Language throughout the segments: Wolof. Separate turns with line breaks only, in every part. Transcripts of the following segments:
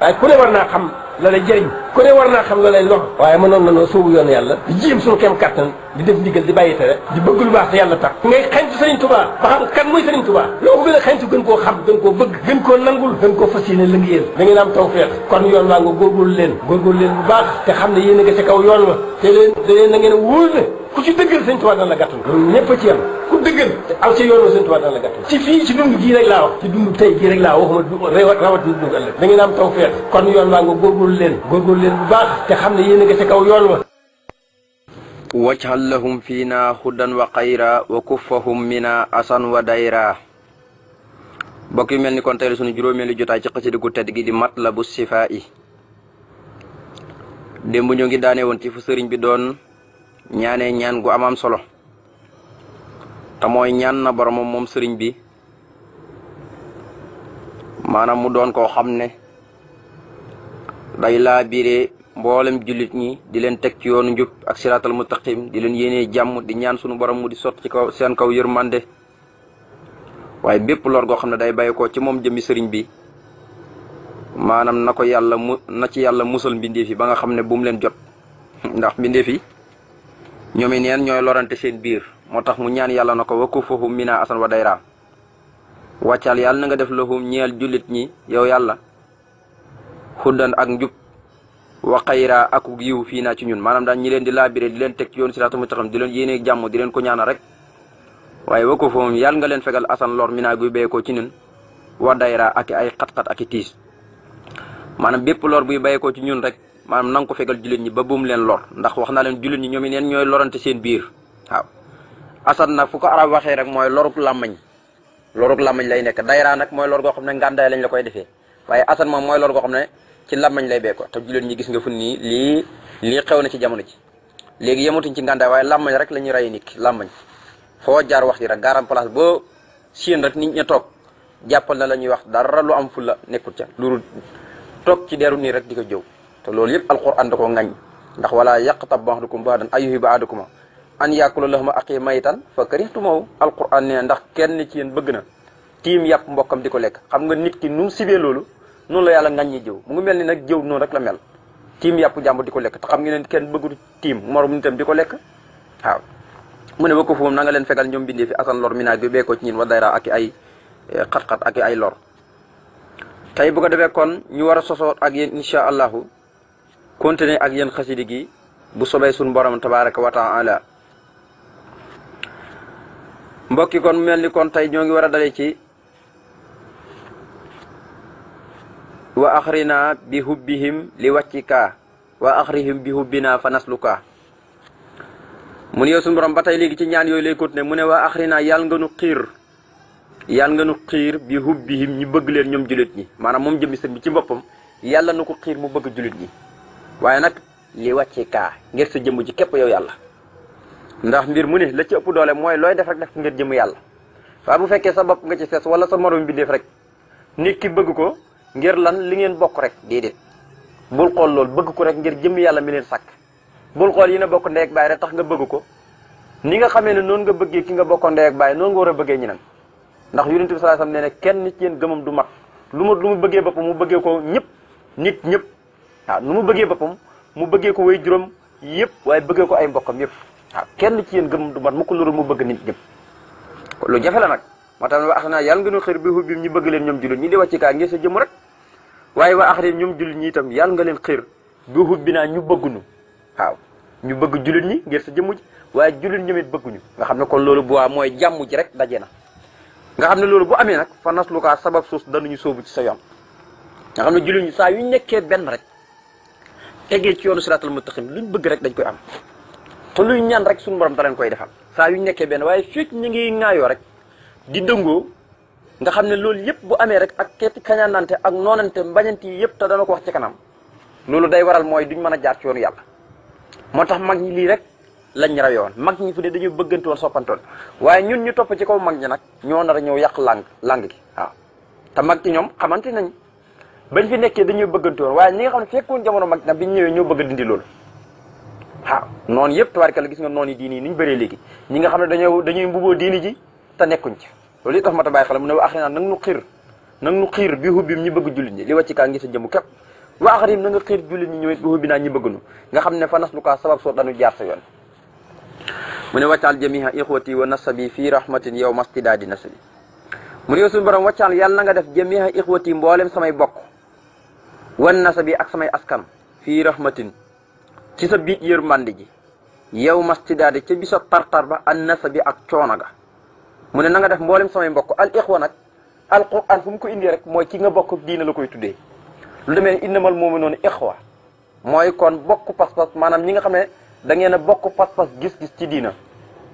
waaye ku ne war naa xam la lay jëriñ ne war naa xam la lay lor waaye mënoon nanoo sóobu yoon yàlla di jéem suñu kem kattan di def ndigal di bàyyi tere di bëgg lu baax te yàlla ngay xañtu Sëriñ Tuubaa ba xam kan muy Sëriñ Tuubaa loo ko gën a xañtu gën koo xam gën koo bëgg gën koo nangul gën koo fas yéene liggéeyal da ngeen am tawfeex kon yoon waa te xam ne yéen a nga ca na ngeen wóor ne ku ci dëggal Sëriñ Tuubaa dana la gàttal loolu ñëpp a ci yam ku dëggal aw ca yoon wa Sëriñ Tuubaa dana la gàttal ci fii ci góorgóorlu leen góorgóorlu leen bu baax te xam ne yéen a lahum fiina hudan wa xayra wa mina asan wa dayra mel ni kon tey sunu juróomeelu jotaay ci xasida gu tedd gi di matlabu sifaa yi démb ñoo ngi daane ci fu sëriñ bi doon ñaanee ñaan gu amam solo te mooy ñaan na boromam moom sëriñ bi maanaam mu doon koo xam ne day laa biiree mboolem jullit ñi di leen teg ci yoonu njub ak siraatal mustaqim di leen yéenee jàmm di ñaan sunu boroom mu di sott ci kaw seen kaw yërmande waaye bépp loor goo xam ne day bàyyi ko ci moom jëmmi sëriñ bi maanaam na ko yàlla mu na ci yàlla musal mbindeef yi ba nga xam ne bu leen jot ndax mbindeef yi ñoom i neen ñooy lorante seen biir moo tax mu ñaan yàlla na ko wakku foofu mina asan wa dayra wàccal yàlla na nga def loxum ñeel jullit ñi yow yàlla hudan ak njub wa xayra ak yiw fii naa ci ñun maanaam daal ñi leen di laabiré di leen teg ci yoon siraatu mustaqim di leen yéene jàmm di leen ko ñaanal rek waaye wa ko foofu yàlla nga leen fegal asan lor mi naa guy béyee ko ci ñun wa dayra ak ay xat-xat ak i tiis maanaam bépp lor buy béyee ko ci ñun rek maanaam na nga ko fegal jullit ñi ba buum leen lor ndax wax na leen jullit ñi ñoom neen ñooy lorante seen biir waaw asan nag fu ko arab waxee rek mooy loruk làmmañ loruk làmmañ lay nekk dayra nag mooy lor goo xam ne ngàndaay lañ la koy defee ne ci làmmañ lay bee ko te jullit ñi gis nga fu nii lii lii xew na ci jamono ji léegi yemutuñ ci ngàndaay waaye làmmañ rek la ñuy rey nit ki làmmañ foo jaar wax ji rek garam place boo siin rek nit ña toog jàppal na la ñuy wax dara lu am fu la nekkul ca loolu toog ci deru nii rek di ko jëw te loolu yëpp alquran da koo ngañ ndax wala yaqtab ba'dukum ba'dan ayyuhibbu ahadukum an yaakula lahma axi maytan ma karihtumahu alquran ne ndax kenn ci yéen bëgg na tiim yàpp mbokkam di ko lekk xam nga nit ki nu mu loolu noonu la yàlla nga ngaññi jëw mu ngi mel ni nag jëw noonu rek la mel tiim yàpp jàmbur di ko lekk te xam ngeen ne kenn bëggul tiim morom nitam di ko lekk waaw mu ne wa ko fu moom na nga leen fegal ñoom bindee fi asan lor minaaj bi beekoo ci ñin wa ay eh, xat-xat ay lor tey bu ko defee kon ñu war a sosoot ak yéen incha allahu ak yéen xasidi gi bu sobee suñu borom tabaraka wa taala mbokki kon mel ni kon tey ñoo ngi war a dalee ci waa wa axrinaa bi hubbihim li kaa wàccikaa wa axrihim bi naa fa naslukaa mu ne yow suñu ba tey léegi ci ñaan yooyu lay continuer mu ne waa axrinaa yàlla nga nu xiir yàlla nga nu xiir bi hubbihim ñi bëgg leen ñoom jullit yi maanaam moom jëmmi sëñ bi ci boppam yàlla na ko xiir mu bëgg jullit ñi waaye nag li kaa ngir sa jëmm ji képp yow yàlla ndax mbir mu ne la ci ëpp doole mooy looy def rek def ngeen jëmm yàlla waaye bu fekkee sa bopp nga ci sees wala sa morom bi def nit ki bëgg ko ngir lan li ngeen bokk rek déedéet bul xool lool bëgg ko rek ngir jëm yàlla mi leen sàkk bul xool yi ne bokk ndey ak baay rek tax nga bëgg ko ni nga xamee ne noonu nga bëggee ki nga bokk ndey ak baay noonu nga war a bëggee ñeneen ndax yu bi sallallahu alayhi wasallam nee ne kenn nit ñeen gëmam du mat lu mu mu bëggee boppam mu bëggee ko ñëpp nit ñëpp waaw nu mu bëggee boppam mu bëggee ko way juróom yëpp waaye bëggee ko ay mbokkam yëpp waaw kenn ci yéen gëmam du mat mu ko lurul mu bëgg nit ñëpp lu jafe la nag moo tax ne rek waaye wa axarin ñoom jullit ñi itam yàlla nga leen xiir bi hubbi naa ñu bëgguñu waaw ñu bëgg jullit ñi ngir sa jëmm ji waaye jullit ñoom bëgguñu nga xam ne kon loolu bu waa mooy jàmm ji rek daje na nga xam ne loolu bu amee nag fa nas lu kaa sabab suus ñu sóobu ci sa yoon nga xam ne jullit ñi saa yu nekkee benn rek tegee ci yoonu siraatal mustaqim luñ bëgg rek dañ koy am te luy ñan rek su borom da leen koy defal saa yu nekkee benn waaye fekk ñu ngi ŋaayoo rek di nga xam ne loolu yëpp bu amee rek ak keeti kañaanante ak noonante mbañante yi yëpp te dana ko wax ci kanam loolu day waral mooy duñ mën a jaar ci yoonu yàlla moo tax mag ñi lii rek lañ rawe woon mag ñi fu ne dañoo bëggante waaye ñun ñu topp ci kaw mag ñi nag ñoo nar a ñëw yàq lang lang gi te mag ci ñoom xamante nañ bañ fi nekkee dañoo bëggante woon ñi nga xam ne fekkoon jamono mag nag biñ ñëwee ñoo bëgg dindi loolu waaw noonu yëpp tabarkalla gis nga noonu yi diini yi ni ñu bëree léegi ñi nga xam ne dañoo dañuy mbuboo diini ji te nekkuñ ci loolu yi tax mata bàyyi xel mu ne wa axri naa nu xiir nag nu bi hubbim ñi bëgg jullit ñi li wàcc ka ngi sa jëmu képp wa axrim na nga xiir jullit ñi ñëwit bi hubbi naa ñi bëgg nu nga xam ne fa nas lu kaa sabab soo danu jaar sa yoon mu ne wàccaal jamiha ixwati wa nasabi fii rahmatin yow mastidaadi nasabi mu ne yow suñu wàccaal yàlla na nga def jamiha ixwati mboolem samay bokk wan nasabi ak samay askan fii rahmatin ci sa biit yërmande ji yow mastidaadi ca bi sa tartar ba an nasabi ak coono ga mu ne na nga def mboolem samay mbokk al ixwa nag alquran fu mu ko indi rek mooy ki nga bokk diina la koy tuddee lu demee innamal mu'minuuna ixwa mooy kon bokk pas-pas maanaam ñi nga xam ne dangeen bokk pas-pas gis-gis ci diina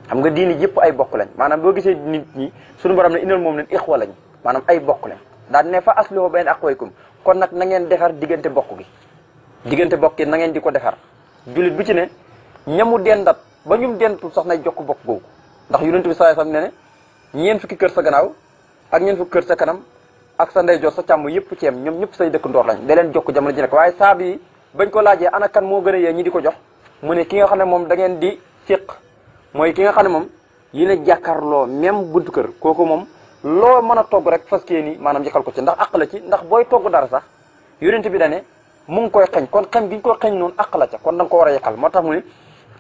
xam nga diina yëpp ay bokk lañ maanaam boo gisee nit ñi suñu borom ne inal moom leen ixwa lañ maanaam ay bokk lañ daan ne fa aslihu bayna axwaykum kon nag na ngeen defar diggante bokk gi diggante bokk yi na ngeen di ko defar jullit bu ci ne ñamu dendat ba ñum dentul sax nay jokk bokk googu ndax yonent bi sallallahu alayhi ne ñeent fukki kër sa ganaaw ak ñeent fukki kër sa kanam ak sa ndeyjoor sa càmm yëpp ci ñoom ñëpp say dëkk ndoor lañ da leen jokk jamono ji nekk waaye saa bi bañ ko laajee ana kan moo gën a yee ñi di ko jox mu ne ki nga xam ne moom da ngeen di fiq mooy ki nga xam ne moom yi ne jàkkaarloo même buntu kër kooku moom loo mën a togg rek fas kee ni maanaam jëkkal ko ci ndax àq la ci ndax booy togg dara sax yonent bi dane mu ngi koy xeñ kon xeñ gi ñu koy xeñ noonu àq la ca kon da ko war a yekkal moo tax mu ne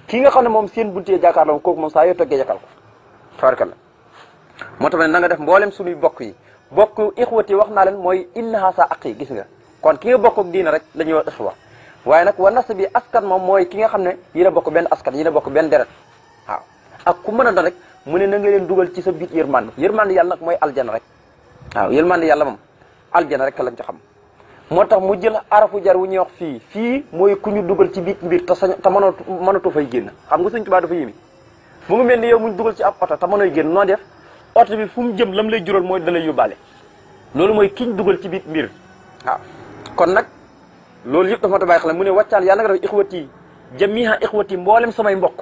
ki nga xam ne moom seen buntee jàkkaarloo kooku moom saa yoo toggee yekkal ko tabarkalla moo tax na nga def mboolem suñuy bokk yi bokk ixwati wax naa leen mooy innaha sa aqi gis nga kon ki nga bokk ak diina rek la ñuy wax ixwa nag wa nas bi askan moom mooy ki nga xam ne yéen a bokk benn askan yéen a bokk benn deret waaw ak ku mën a doon mu ne na nga leen dugal ci sa biir yërmande yërmande yàlla nag mooy aljana rek waaw yërmande yàlla moom aljana rek lañ ci xam moo tax mu jël arafu jar wu ñuy wax fii fii mooy ku ñu dugal ci biir mbir te sañ te mënatu mënatu fay génn xam nga Sëñ Tuubaa dafa yémi mu ngi mel ni yow muñ dugal ci ab oto te mënoy génn noo def oto bi fu mu jëm lam lay jural mooy dalay yóbbaale loolu mooy kiiñ dugal ci biir mbir waaw kon nag loolu yëpp dafa ma ta bàyyi xel mu ne wàccaan yàlla nga def ixwati jamiha ixwati mboolem samay mbokk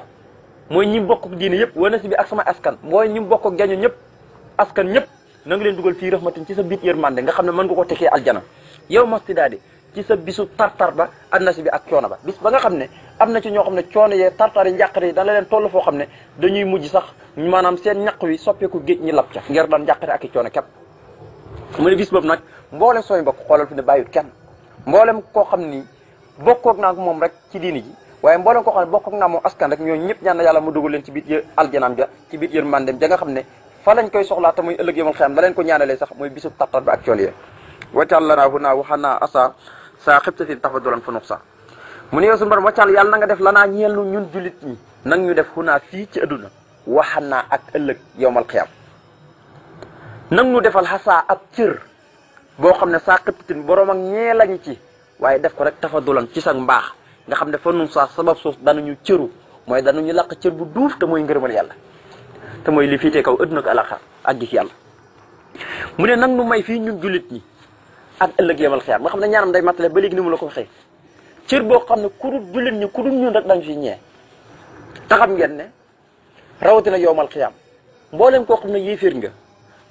mooy ñi bokk diine yëpp wana si bi ak sama askan mooy ñi bokk gaño ñëpp askan ñëpp na nga leen dugal fii rahmatin ci sa man de nga xam ne mën nga ko tekkee aljana yow mastidaade ci sa bisu tartar ba annasi bi ak coono ba bis ba nga xam ne am na ci ñoo xam ne coono yee tartar yi njàqare yi dana leen toll foo xam ne dañuy mujj sax maanaam seen ñaq wi soppeeku géej ñi lab ca ngir daan njàqare ak i coono képp mu ne bis boobu nag mboolem sooy mbokk xoolal fi ne bàyyut kenn koo xam ni bokkoog naa moom rek ci diini ji waaye mboolem koo xam ne bokkoog naa moom askan rek ñooñu ñëpp ñaan na yàlla mu dugal leen ci biir aljanaam ja ci biir yërmandeem ja nga xam ne fa lañ koy soxlaa te muy ëllëg yomal la leen ko ñaanalee sax mooy bisub tartar ba ak coono yee wacal lanaa hu naa saa xib tasin tafadulan fa nux sax mu ne yow suñu borom wàccaal yàlla na nga def lanaa ñeel nu ñun jullit ñi nang ñu def xunaa fii ci adduna waxan naa ak ëllëg yowmal xiyam nang ñu defal xasaa ak cër boo xam ne saa xib tasin borom ak ñee lañu ci waaye def ko rek tafadulan ci sa mbaax nga xam ne fa nun saa sabab suuf danañu cëru mooy danu danañu laq cër bu duuf te mooy ngërëmal yàlla te mooy li fii te kaw adduna ak alaxa ak gis mu ne nang nu may fii ñun ak ëllëg yemal xiyaam nga xam ne ñaanam day mattale ba léegi ni mu la ko waxee cër boo xam ne ku dul jullit ñi ku dul ñun rek dañ fi ñee te xam ngeen ne rawatina yowmal xiyaam mboolem koo xam ne yéeféer nga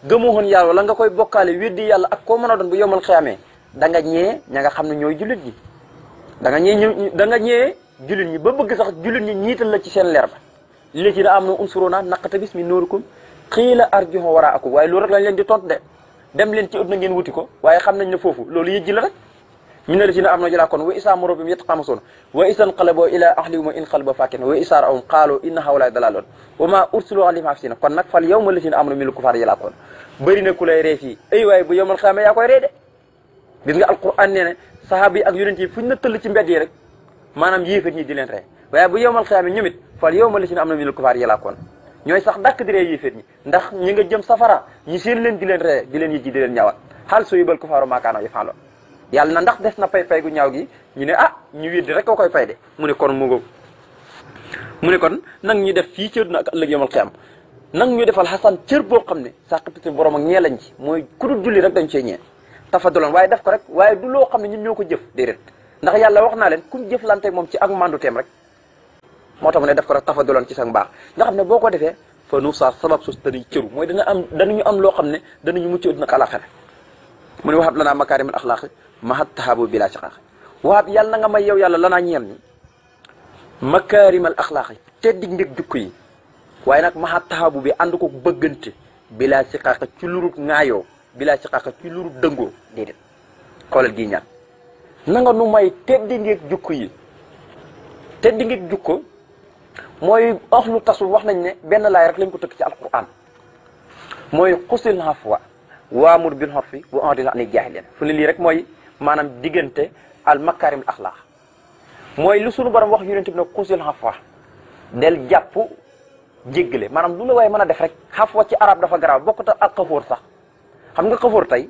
gëmuwoon yàlla wala nga koy bokkaale weddi yàlla ak koo mën a doon bu yowmal xiyaamee da nga ñee ña nga xam ne ñooy jullit ñi da nga ñee ñu da nga ñee jullit ñi ba bëgg sax jullit ñi ñiital la ci seen leer ma li ci da am na unsuruna naqata bis mi noorukum xiila arjuhum waraakum waaye loolu rek lañ leen di tont de dem leen ci ut na ngeen wuti ko waaye xam nañ ne foofu loolu yëjji la rek mina lazina amanu jëlaa kon wa isaa morobim yetqamasoon wa isan qalaboo ila ahlihuma in qalaba fakin wa isaar awum qaalu inna hawlaay dalaloon wa ma ursulu alayhim hafsina kon nag fal yawma lazina amanu minal kufaar yalaa koon bëri na ku lay ree waaye bu yowmal xiyaama yaa koy ree de gis nga ak yonent yi fu ñu na tëll ci mbedd yi rek maanaam yéefar ñi di leen ree waaye bu yowmal xiyaama ñoom it fal yawma lazina amanu minal koon ñooy sax dakk di ree yéeféer ñi ndax ñi nga jëm safara ñi seen leen di leen ree di leen yijji di leen ñaawal xaal soo yibal ko faaru maakaanoo yi faaloon yàlla na ndax des na pay pay gu ñaaw gi ñu ne ah ñu wéddi rek ko koy fay de mu ne kon mu ngoog mu ne kon nang ñu def fii cër na ak ëllëg yomal xiyam nag ñu defal xasan cër boo xam ne sax piti borom ak ñee lañ ci mooy ku dul julli rek dañ cee ñee tafadaloon waaye def ko rek waaye du loo xam ne ñu ñoo ko jëf de ndax yàlla wax naa leen kum jëflante moom ci ak mandu teem rek moo tax mu ne def ko def tafadulan ci sa mbaax nga xam ne boo ko defee fa saa sabab sus dañuy cëru mooy dana am ñu am loo xam ne danañu mucc dina xalaxare mu ne waxaat lanaa makaarimul axlaaq mahat tahaabu bi laa ciqaaq waxaat yàlla na may yow yàlla lanaa ñeel ni makaarimal axlaaq yi te dig ndég jukko yi waaye nag mahat tahaabu bi ànd ko bëggante bi laa ci lurut ŋaayoo bi laa ciqaaq ci lurut dëngoo déedéet xoolal gii ñaan na nga nu may tedd ngeeg jukko yi tedd ngeeg jukko mooy ox lu tasul wax nañ ne benn laay rek lañ ko tëkk ci alquran mooy xusil afwa waamur bil urfi wa a'rid anil jaahiliin fu ne lii rek mooy maanaam diggante al makaarimul axlaaq mooy lu sunu borom wax yonent bi ne xusil afwa del jàpp jéggale maanaam lu la waaye mën a def rek afwa ci arab dafa garaaw bokkut ak xafóor sax xam nga xafóor tey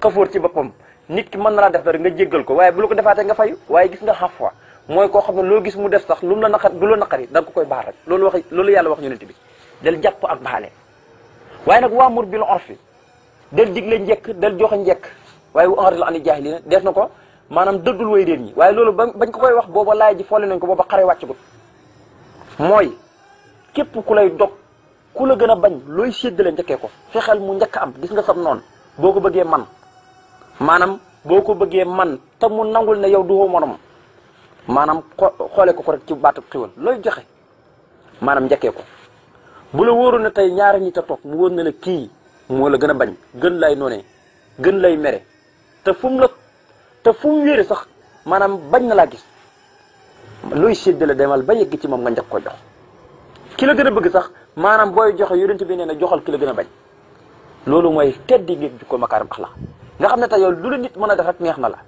xafóor ci boppam nit ki man na laa def dara nga jéggal ko waaye bu la ko defaatee nga fay waaye gis nga afwa mooy koo xam ne loo gis mu def sax lu mu la naqar du la naqari da nga ko koy baax rek loolu wax loolu yàlla wax yonent bi del jàpp ak baale waaye nag bi waamur bil urfi del digle njekk del joxe njekk waaye wa anril anil jaahiliina def na ko maanaam dëddul way réer ñi waaye loolu ba bañ ko koy wax booba laay ji foole nañ ko booba xare wàccagut mooy képp ku lay dog ku la gën a bañ looy séddale njëkkee ko fexeel mu njëkk am gis nga sam noonu boo ko bëggee man maanaam boo ko bëggee man te mu nangul ne yow du hoo morom maanaam xoolee ko ko rek ci baatu xiwal looy joxe maanaam njëkkee ko bu la wóoroon ne tey ñaari ñi ta toog mu wóor na la kii moo la gën a bañ gën lay noone gën lay mere te fu la te fu mu wéere sax maanaam bañ na laa gis looy la demal ba yegg ci moom nga njëkk ko jox ki la gën a bëgg sax maanaam booy joxe yonent bi nee a joxal ki la gën a bañ loolu mooy teddi ngeeg jikko makaar baax la nga xam ne tey yow lu la nit mën a def rek neex na la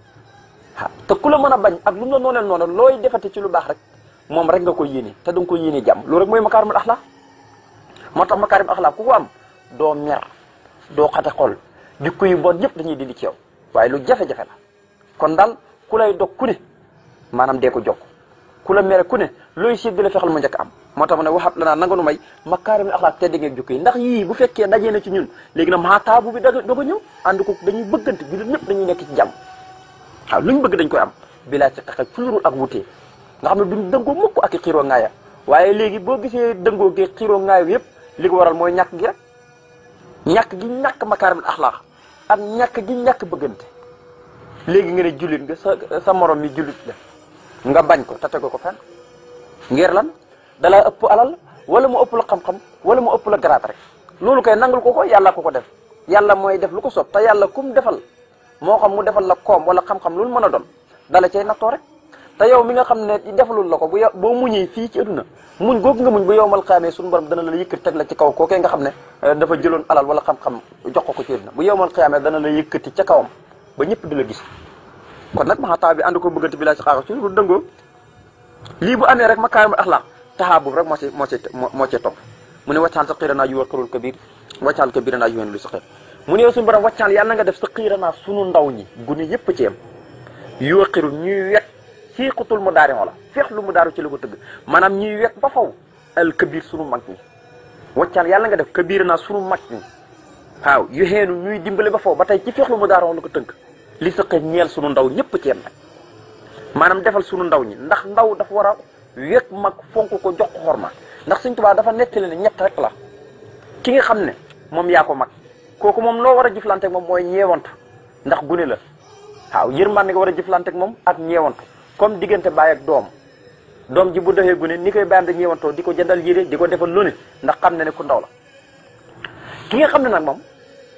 te ku la mën a bañ ak lu mu la nooneel noonu looy defati ci lu baax rek moom rek nga koy yéene te da nga koy yéene jàmm loolu rek mooy makaarimul axlaaq moo tax makaarimul axlaaq ku ko am doo mer doo xate xol jikko yu bon yëpp dañuy dindi ci yow waaye lu jafe la kon daal ku lay dog ku ne maanaam dee ko jokk ku ku ne looy siit di la fexal mu njëkk am moo tax mu ne waxaat la naa nanga nu may makaarimul axlaaq te dégg nga jukki yi ndax yii bu fekkee dajee na ci ñun léegi nag maataabu bi daga doog a ñëw ànd ko dañuy bëggante bi lu ñëpp dañuy nekk ci jàmm waaw lu ñu bëgg dañ koy am bilaa ci xexe ci ak wutee nga xam ne duñ dëngoo mukk ak i xiiroo ngaaya waaye léegi boo gisee dëngoo gi xiiroo ngaaya yëpp li ko waral mooy ñàkk gi rek ñàkk gi ñàkk makaarimul axlaax ak ñàkk gi ñàkk bëggante léegi nga ne jullit nga sa sa morom mi jullit la nga bañ ko tete ko fen ngir lan dalaa ëpp alal wala mu ëpp la xam-xam wala mu ëpp la garaat rek loolu kay nangul ko ko yàlla ko ko def yàlla mooy def lu ko sob te yàlla kum defal moo xam mu defal la koom wala xam-xam lu mën a doon dala cay nattoo rek te yow mi nga xam ne defalul la ko bu yow boo muñee fii ci aduna muñ googu nga muñ bu yowmal xiyaamee suñu borom dana la yëkkati teg la ci kaw kookee nga xam ne eh, dafa jëloon alal wala xam-xam jox ko ko ci aduna bu yowmal xiyaamee dana la yëkkati ca kawam ba ñëpp di la gis kon nag maxa taa bi ànd ko bi laa ci xaaral suñu lii bu amee rek makaarimul axlaaq taxaa boobu rek moo ci moo ci moo cee topp mu ne waccaal sa xiira naa yu wa xirul kabir waccaal kabira naa yu wen lu sa xir mu ne yow suñu borom wàccaal yàlla nga def sa xiiranaa sunu ndaw ñi gune yëpp ci yem yoo xiru ñuy wet ci mu daari wala feex lu mu daaru ci la ko tëgg maanaam ñuy wet ba faw al kabir sunu mag ñi wàccaal yàlla nga def kabiranaa sunu mag ñi waaw yu xeenu ñuy dimbale ba faw ba tey ci feex lu mu daaru la ko tëgg li sëq ñeel sunu ndaw ñëpp ci yem nag maanaam defal sunu ndaw ñi ndax ndaw dafa war a wek mag fonk ko jox ko ma ndax Sëñ Tuubaa dafa nettali ne ñett rek la ki nga xam ne moom yaa ko mag kooku moom loo war a jëflante moom mooy ñeewantu ndax gune la waaw yërmande nga war a jëflante ak moom ak ñeewantu comme diggante baay ak doom doom ji bu doxee gune ni koy bàyyam da ñeewantoo di ko jëndal yére di ko defal lu ndax xam na ne ku ndaw la ki nga xam ne nag moom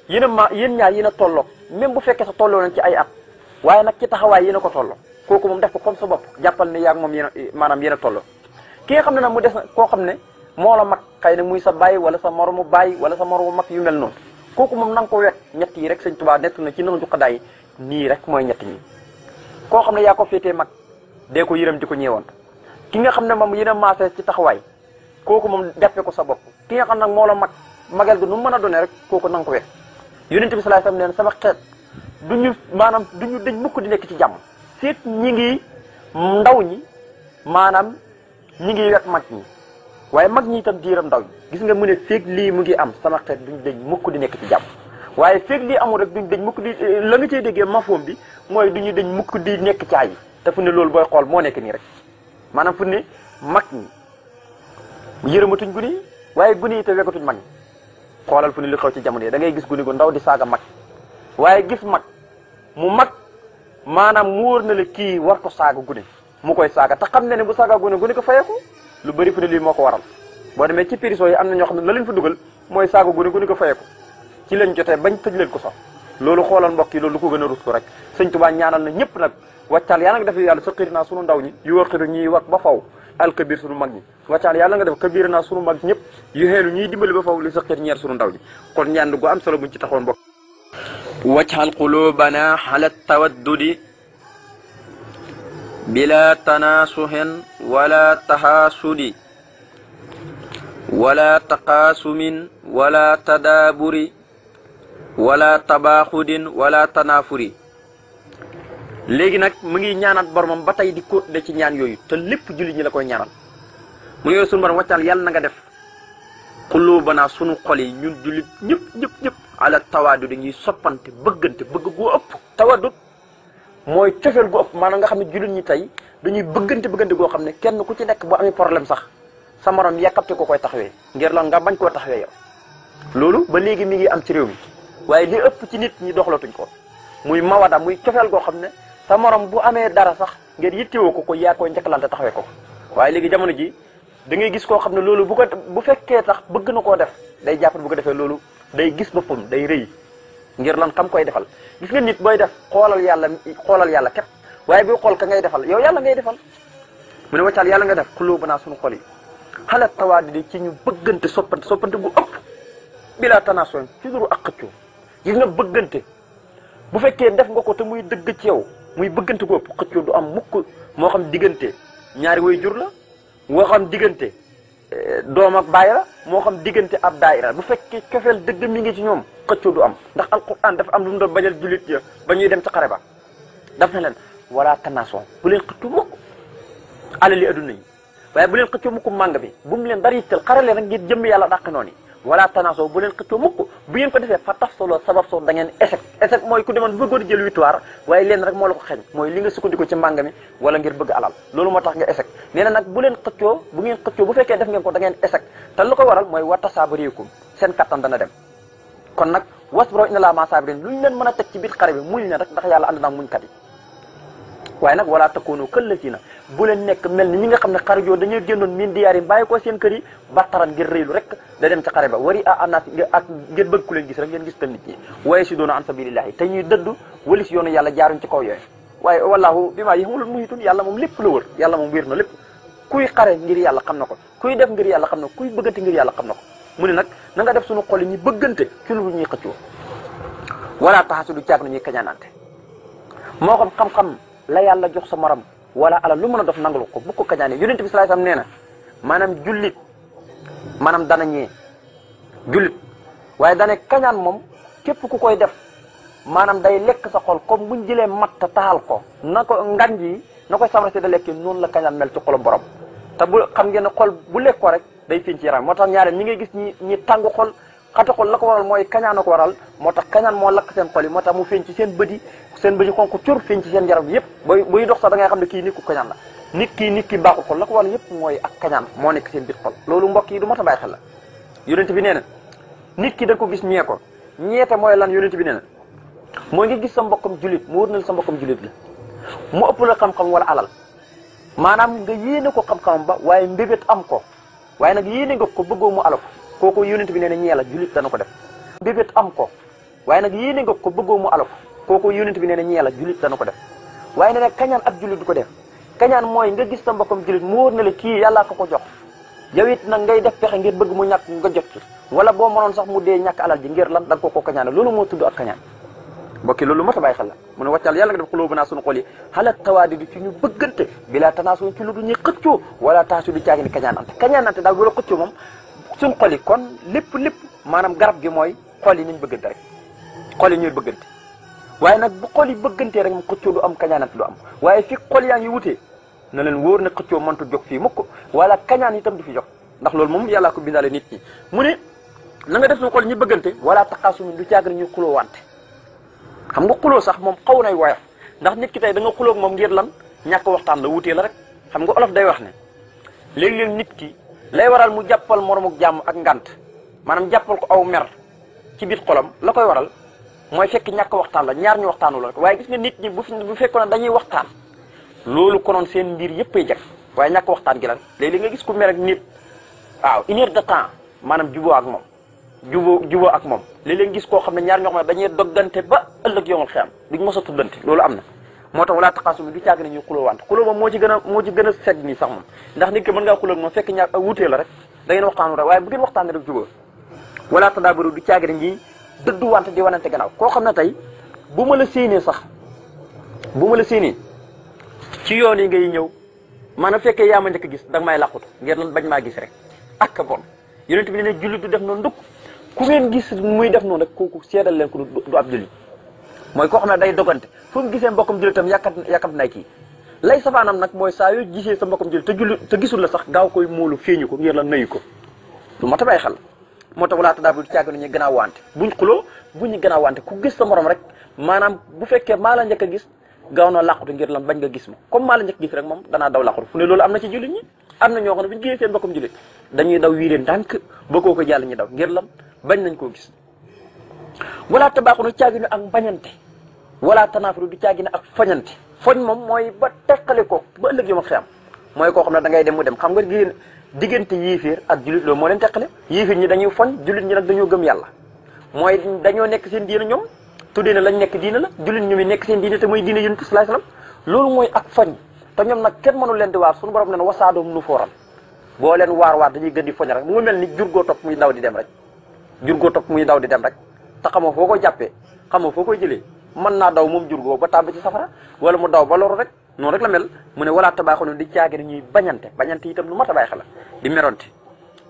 yéen a ma yéen ñaar yéen a tolloo même bu fekkee sa tolloo nañ ci ay at waaye nag ci taxawaay yéen a ko tolloo kooku moom def ko comme sa bopp jàppal ne yaa ak moom yéen maanaam yéen a tolloo ki nga xam ne nag mu des koo xam ne moo la mag xëy na muy sa bàyyi wala sa moromu bàyyi wala sa moromu mag yu mel noonu kooku moom na ko wet ñett yi rek sëñ Tuubaa nekk na ci noonu juqadaay nii rek mooy ñett ñi koo xam ne yaa ko féetee mag dee ko yërëm di ko ñeewant ki nga xam ne moom yéen a maase ci taxawaay kooku moom jàppe ko sa bopp ki nga xam nag moo la mag magal gi nu mën a done rek kooku na nga ko wet yonent bi sallallahu alayhi sama xeet du ñu maanaam du ñu dañ mukk di nekk ci jàmm seet ñi ngi ndaw ñi maanaam ñi ngi wet mag ñi waaye mag ñi itam diiram ndaw yi gis nga mu ne feeg lii mu ngi am sama xeet du dëj mukk di nekk ci jàmm waaye feeg lii amul rek duñ dëj mukk di eh, la nga cey déggee mafoom bi mooy duñu dëj mukk di nekk caay yi te fu ne loolu booy xool moo nekk nii rek maanaam fu ne mag ñi yërëmatuñ gune yi waaye gune yi te wekkatuñ mag ñi xoolal fu ne li xew ci jamono yi da ngay gis gune gu ndaw di saaga mag waaye gis mag mu mag maanaam mu wóor na la kii war ko saaga gune mu koy saaga te xam ne ne bu saaga gune gune ko fayeku lu bari fu ne lii moo ko waral boo demee ci prison yi am na ñoo xam ne la dugal mooy saago gune gune ko fayeku ci leen jotee bañ tëj leen ko sax loolu xoolal mbokk yi loolu lu ko gën a rus ko rek sëñ Tuubaa ñaanal na ñëpp nag wàccaal yàlla nga def yàlla sa xiri naa sunu ndaw ñi yu waxiru ñuy wax ba faw alkabir sunu mag ñi wàccaal yàlla nga def kabir naa sunu mag ñëpp yu xeelu ñuy dimbali ba faw li sa xir ñeer sunu ndaw ñi kon ñaan gu am solo buñ ci taxoon mbokk waccal qulubana bila tanaasuhin wala taxaasudi wala taqaasumin wala tadaaburi wala tabaaxudin wala tanaafuri léegi nag mu ngi ñaanat boromam ba tey di ko ci ñaan yooyu te lépp jullit ñi la koy ñaanal mu ngi sunu borom wàccaal yàlla na def xuluubanaa sunu xol yi ñun jullit ñëpp ñëpp ñëpp ala tawaadu dañuy soppante bëggante bëgg goo ëpp tawadut mooy cofeel gu ëpp maanaam nga xam ne jullit ñi tey dañuy bëggante bëggante goo xam ne kenn ku ci nekk bu amee problème sax sa morom yàkkapte ko koy taxawee ngir la nga bañ koo taxawee yow loolu ba léegi mi ngi am ci réew mi waaye li ëpp ci nit ñi doxalatuñ ko muy mawada muy cofeel goo xam ne sa morom bu amee dara sax ngeen yittewoo ko ko yaa koy njëkkalante taxawee ko waaye léegi jamono ji da ngay gis koo xam ne loolu bu ko bu fekkee sax bëgg na koo def day jàpp bu ko defee loolu day gis boppam day rëy ngir lan xam koy defal gis nga nit booy def xoolal yàlla xoolal yàlla képp waaye boo xool ka ngay defal yow yàlla ngay defal mu ne waccaal yàlla nga def xulóo banaa suñu xol yi xalaat tawaadidi ci ñu bëggante soppante soppante gu ëpp bilaa tanaason ci duru ak xëccoo gis nga bëggante bu fekkee def nga ko te muy dëgg ci yow muy bëggante ko ëpp xëccoo du am mukk moo xam diggante ñaari way jur la moo xam diggante doom ak baay moo xam diggante ab daayira bu fekkee cofeel dëgg mi ngi ci ñoom xëccoo du am ndax alquran dafa am lu mu doon bañal jullit ya ba ñuy dem ca xare ba daf na leen wala tanaason bu leen xëccoo mukk alal yi adduna yi waaye bu leen xëccoo mukk màng bi bu mu leen dara yittal xare leen rek ngir jëm yàlla dàq noonu wala tanaasoo bu leen xëccoo mukk bu ngeen ko defee fa taf solo sabab soo da ngeen échec mooy ku demoon bëggoon jël victoire waaye leen rek moo la ko xeñ mooy li nga sukkandiku ci mbàng mi wala ngir bëgg alal loolu moo tax nga échec nee na nag bu leen xëccoo bu ngeen xëccoo bu fekkee def ngeen ko da ngeen échec te lu ko waral mooy wa tasaabarikum seen kattan dana dem kon nag wasbiro inna laa maa saabiriin lu leen mën a teg ci biir xare bi muñ ne rek ndax yàlla yi waaye nag wala takoonu këllatina bu leen nekk mel ni ñi nga xam ne xarajoo dañuy génnoon min diyaar yi bàyyi ko seen kër yi battaran ngir réylu rek da dem ca xare ba wari a annaas ak ngeen bëgg ku leen gis rek ngeen gis tam nit ñi waaye si doona an sabilillahi te ñuy dëdd wali si yoonu yàlla jaaruñ ci kaw yooyu waaye wallahu bi maa yéxamaloon muhitun yàlla moom lépp la wër yàlla moom wér na lépp kuy xare ngir yàlla xam na ko kuy def ngir yàlla xam na ko kuy bëggante ngir yàlla xam na ko mu ne nag na nga suñu xol yi ñu bëggante ci lu ñuy xëccoo wala taxasudu caag na ñuy kañaanante moo xam xam-xam la yàlla jox sa morom wala alal lu mën a dox nangul ko bu ko kañaane yonent bi sallallahu alayhi wasallam nee na maanaam jullit maanaam dana ñee jullit waaye dane kañaan moom képp ku koy def maanaam day lekk sa xol comme buñ jëlee matt taal ko na ko ngan ji na koy samra si da lekki noonu la kañaan mel ci xolom borom te bu xam ngeen xol bu lekk ko rek day fiñ ci yaram moo tax ñaare ñi ngay gis ñi ñi tàng xol xata xol la ko waral mooy kañaan a ko waral moo tax kañaan moo lakk seen xol yi moo tax mu feeñ ci seen bët yi seen bët yi xonq cur feeñ ci seen yaram yëpp booy buy dox sax da xam ne kii nit ku kañaan la nit kii nit ki baaxu xol la ko wala mooy a kañaan moo nekk seen bit xol loolu mbokk yi du mat a xel la yonent bi nee na nit ki da ko gis ñee ko ñeete mooy lan yonent bi nee na mooy ngi gis sa mbokkam julit mu wër na sa mbokkam julit la mu ëpp la xam-xam wala alal maanaam nga yéene ko xam-xamam ba waaye mbébét am ko waaye nag yéene nga ko bëggoo mu alal ko kooku bi nee na ñee julit dana ko def mbébét am ko waaye nag yéene nga ko bëggoo mu alako kooku yonent bi nee na ñi yàlla julit dana ko def waaye ne nag kañaan ab julit du ko def kañaan mooy nga gis sa mbokkam julit mu wóor na la kii yàllaa ko ko jox yow it nag ngay def pexe ngir bëgg mu ñàkk nga jot ci wala boo mënoon sax mu dee ñàkk alal ji ngir lan da ko ko kañaane loolu moo tudd ak kañaan mbokki loolu mat a bàyyi xel la mu ne wàccal yàlla nga def xulóobu naa suñu xol yi xala tawaadi di ci ñu bëggante bi laa tanaasoon ci lu du ñuy xëccoo wala taasu di caagini kañaanante kañaanante daal wala xëccoo moom suñu yi kon lépp lépp maanaam garab gi mooy xol yi niñ bëggante rek xol yi ñooy bëggante waaye nag bu xol yi bëggantee rek xëccoo du am kañaanat du am waaye fi xol yaa ngi wutee na leen wóor ne xëccoo mëntu jóg fii mukk wala kañaan itam du fi jóg ndax loolu moom yàllaa ko bindaale nit ki mu ne na nga def suñu xol ñu bëggante wala taqaasu du caag na ñu xuloo wante xam nga xuloo sax moom xaw nay woyof ndax nit ki tey da nga moom ngir lan ñàkk waxtaan la wutee la rek xam nga olof day wax ne léeg-léeg nit ki lay waral mu jàppal moromuk jàmm ak ngant maanaam jàppal ko aw mer ci biir xolam la koy waral mooy fekk ñàkk waxtaan la ñaar ñu waxtaanu la gis nga nit ñi bu fi bu fekkoon dañuy waxtaan loolu konoon seen mbir yëpp ay jag waaye ñàkk waxtaan gi lan léeg-léeg nga gis ku mer ak nit waaw une heure de temps maanaam juboo ak moom juboo juboo ak moom léeg-léeg nga gis koo xam ne ñaar ñoo xam ne dañuy doggante ba ëllëg yomal xiyam duñ mos a tuddante loolu am na moo tax walaa taqaasumi du càgg ne ñuy xuloo wante xuloo moom moo ci gën a moo ci gën a sedd nii sax moom ndax nit ki mën ngaa xuloo moom fekk a wutee la rek da ngeen waxtaanu rek waaye bu ngeen waxtaanee rek juboo walaa tadaabaru du càgg ne ñi dëddu wante di wanante gannaaw koo xam ne tey bu ma la séenee sax bu ma la séenee ci yoon yi ngay ñëw maanaam fekkee yaa ma njëkk gis danga may làqutu ngir lan bañ maa gis rek ak bon yonent bi ne ne jullit du def noonu ndukk ku ngeen gis muy def noonu rek kooku seedal leen ko du ab jullit mooy koo xam ne day dogante fu mu gisee mbokkam jullitam yàkkat yàkkamte nay kii lay safaanam nag mooy saa yoo gisee sa mbokkam jullit te jullit te gisul la sax gaaw koy muulu feeñu ko ngir lan nayu ko lu ma tabay xel moo tax walaata daal du càgg nañu gannaaw wante buñ xuloo buñu gannaaw ku gis sa moroom rek maanaam bu fekkee maa la njëkk a gis gaaw na làqatu ngir lam bañ ga gis ma comme maa la a gis rek moom danaa daw làqatu fu ne loolu am na ci jullit am na ñoo xam ne bu ñu gisee seen bokkum jullit dañuy daw wii leen ba ko jàll ñu daw ngir lan bañ nañ koo gis walaata baaxu na càgg ñu ak mbañante walaata naafiru di càgg na ak foñante foñ moom mooy ba teqale ko ba ëllëg yu ma xiyam mooy koo xam da ngay dem mu dem xam nga diggante yiifiir ak jullit loolu moo leen teqale yiifiir ñi dañuy foñ jullit ñi nag dañoo gëm yàlla mooy dañoo nekk seen diina ñoom tuddee na lañ nekk diina la jullit ñoom i nekk seen diina te mooy diina yonent bi salaay salaam loolu mooy ak foñ te ñoom nag kenn mënu leen di waar suñu borom leen wasaadoom nu fooran boo leen waar waar dañuy gën di foñ rek mu mel ni jur goo topp muy daw di dem rek jur goo muy daw di dem rek te xamoo foo ko jàppee xamoo foo ko jëlee mën naa daw moom jur ba tàbbi ci safara wala mu daw ba loru rek noonu rek la mel mu ne walaa tabaaxoon di caagi ne ñuy bañante bañante itam lu mat a bàyyi xel di meronte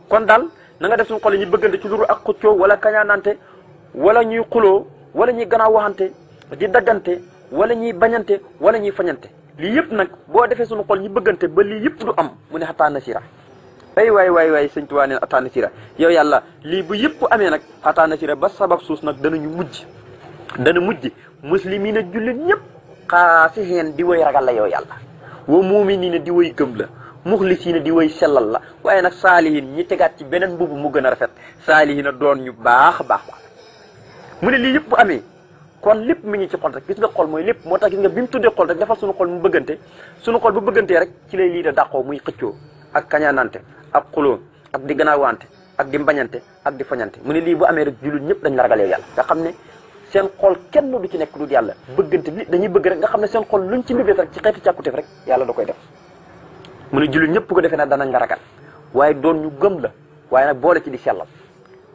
kon daal na nga def suñu xol yi ñuy bëggante ci luru ak xëccoo wala kañaanante wala ñuy xuloo wala ñuy gannaaw waxante di daggante wala ñuy bañante wala ñuy fañante lii yëpp nag boo defee suñu xol ñi bëggante ba lii yëpp du am mu ne xataa nasira ay waaye waaye waaye sëñ Tuubaa neen xataa nasira yow yàlla lii bu yëpp amee nag xataa nasira ba sabab suus nag danañu mujj dana mujj muslimina jullit ñëpp xaasihin di way ragal la yow yàlla wa muminina di way gëm la muxlisina di way sellal la waaye nag saalihin ñi tegaat ci beneen mbubb mu gën a rafet saalihin a doon ñu baax a baax baax mu ne lii yëpp bu amee kon lépp mu ngi ci xol rek gis nga xol mooy lépp moo tax gis nga bi mu tuddee xol rek defal suñu xol mu bëggante suñu xol bu bëggantee rek ci lay lii da dàqoo muy xëccoo ak kañaanante ak xuloo ak di gënaawante ak di mbañante ak di fañante mu ne lii bu amee rek jullit ñëpp dañ la yàlla xam ne seen xol kenn du ci nekk du yàlla bëggante bi dañuy bëgg rek nga xam ne seen xol luñ ci mbibee rek ci xeeti càkkuteef rek yàlla da koy def mu ne jullit ñëpp ko defee nag danañ la ragal waaye doon ñu gëm la waaye nag boole ci di sellal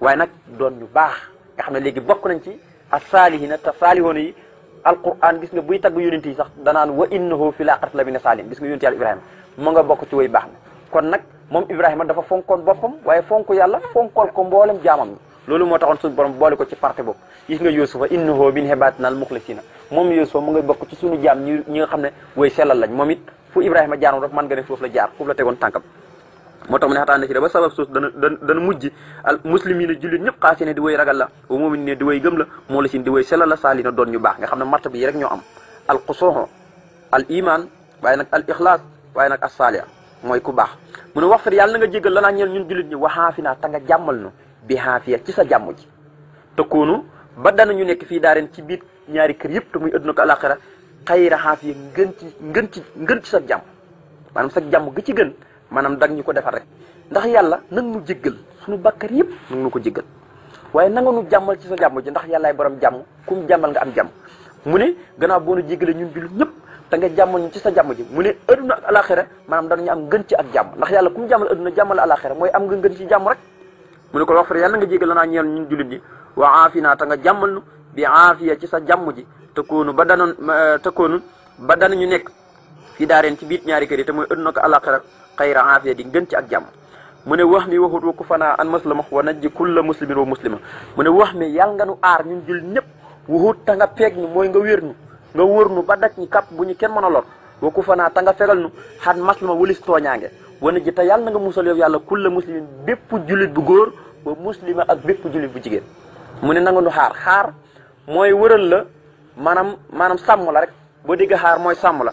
waaye nag doon ñu baax nga xam ne léegi bokk nañ ci asaalihina te saalihoona yi alquran gis nga buy tagg yonent yi sax danaan wa innahu fi laaxirati la bi ne saalihin gis nga yonent yàlla ibrahima mu nga bokk ci way baax na kon nag moom ibrahima dafa fonkoon boppam waaye fonk yàlla fonkool ko mboolem jaamam loolu moo taxoon suñu borom boole ko ci parti boobu gis nga yusufa innahu min ibadinal mukhlasina moom yusufa mu ngay bokk ci suñu jaam ñi nga xam ne way sellal lañ moom it fu ibrahima jaaroon foofu la jaar foofu la tegoon tànkam moo tax mu ne xataa na ci ba sabab suuf dana dana dana mujj al muslim yi ne jullit ñëpp xaasi ne di woy ragal la wa moomin ne di woy moo la sin di woy sellal la saali doon ñu baax nga xam ne marta bi rek ñoo am al qusuuxo al iman waaye nag al ixlaas waaye nag as saaliya mooy ku baax mu ne wax fir yàlla na nga jégal lanaa ñeel ñun jullit ñi waxaafi naa ta nga jàmmal nu bi xaafiya ci sa jàmm ji te koonu ba ñu nekk fii daareen ci biir ñaari kër yëpp te muy adduna ko alaxira xayira xaafiya ngën ci ngën ci ngën ci sa jàmm maanaam sa jàmm gi ci gën maanaam dag ñu ko defar rek ndax yàlla nag nu jéggal su suñu bàkkar yëpp nag nu ko jéggal waaye nanga nu jàmmal ci sa jàmm ji ndax yàllaay borom jàmm kum jàmmal nga am jàmm mu ne gannaaw boo nu jéggalee ñun bi lu ñëpp te nga jàmmal ñu ci sa jàmm ji mu ne adduna ak alaxira maanaam danañu am ngën ci ak jàmm ndax yàlla kum jàmmal adduna jàmmal alaxira mooy am nga ngën ci mu ne ko wax far yàlla nga jégal naa ñeel ñun jullit ñi wa aafina ta nga jàmmal nu bi aafiya ci sa jàmm ji te koonu ba danoon te koonu ba danañu nekk fii daareen ci biit ñaari kër yi te mooy ko àllaaxira xayra gën ci ak jàmm mu ne wax mi waxut wa ku fanaa an maslama wa najji kulla muslimin wa muslima mu ne wax mi yàlla nga nu aar ñun jullit ñëpp waxut ta nga peeg ñu mooy nga wér ñu nga wër nu ba daj ñu kap bu ñu kenn mën a lor wa ku fanaa ta nga fegal nu xan maslama wulis tooñaange wane ji te yàlla na nga musal yow yàlla kulla muslimin bépp jullit bu góor wa muslima ak bépp jullit bu jigéen mu ne nanga nu xaar xaar mooy wëral la maanaam maanaam sàmm la rek boo dégg xaar mooy sàmm la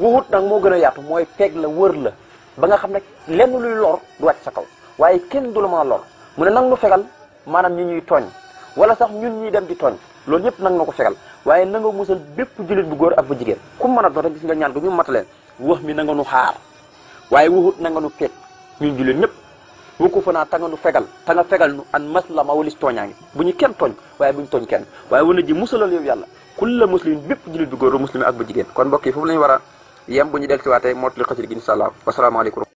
wuxut nag moo gën a yaatu mooy peeg la wër la ba nga xam ne lenn luy lor du wàcc sa kaw waaye kenn du la mën a lor mu ne nanga nu fegal maanaam ñi ñuy tooñ wala sax ñun ñuy dem di tooñ loolu ñëpp nang na ko fegal waaye na nga musal bépp jullit bu góor ak bu jigéen ku mën a doon rek gis nga ñaan ko ñu mataleen wax mi na nga nu xaar waaye wuxut na nga nu peet ñun jullit ñëpp wukku fa naa ta nga nu fegal ta nga fegal nu an maslama walis tooñaangi bu ñu kenn tooñ waaye bu ñu tooñ kenn waaye wana ji musalal yow yàlla kulla muslimin bépp jullit bu góor muslimi ak bu jigéen kon mbokk yi foofu la ñu war a yem bu ñu del ci waatee mootali xasir gi incha allah wasalaamaaleykum